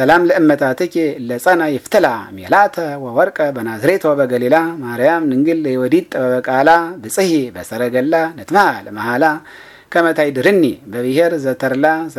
ሰላም ለእመታትኪ ለጸና ይፍትላ ሜላተ ወወርቀ በናዝሬት ወበገሊላ ማርያም ንንግል ለወዲት ጥበበ ቃላ ብጽሂ በሰረገላ ነትማ ለመሃላ ከመታይ ድርኒ በብሔር ዘተርላ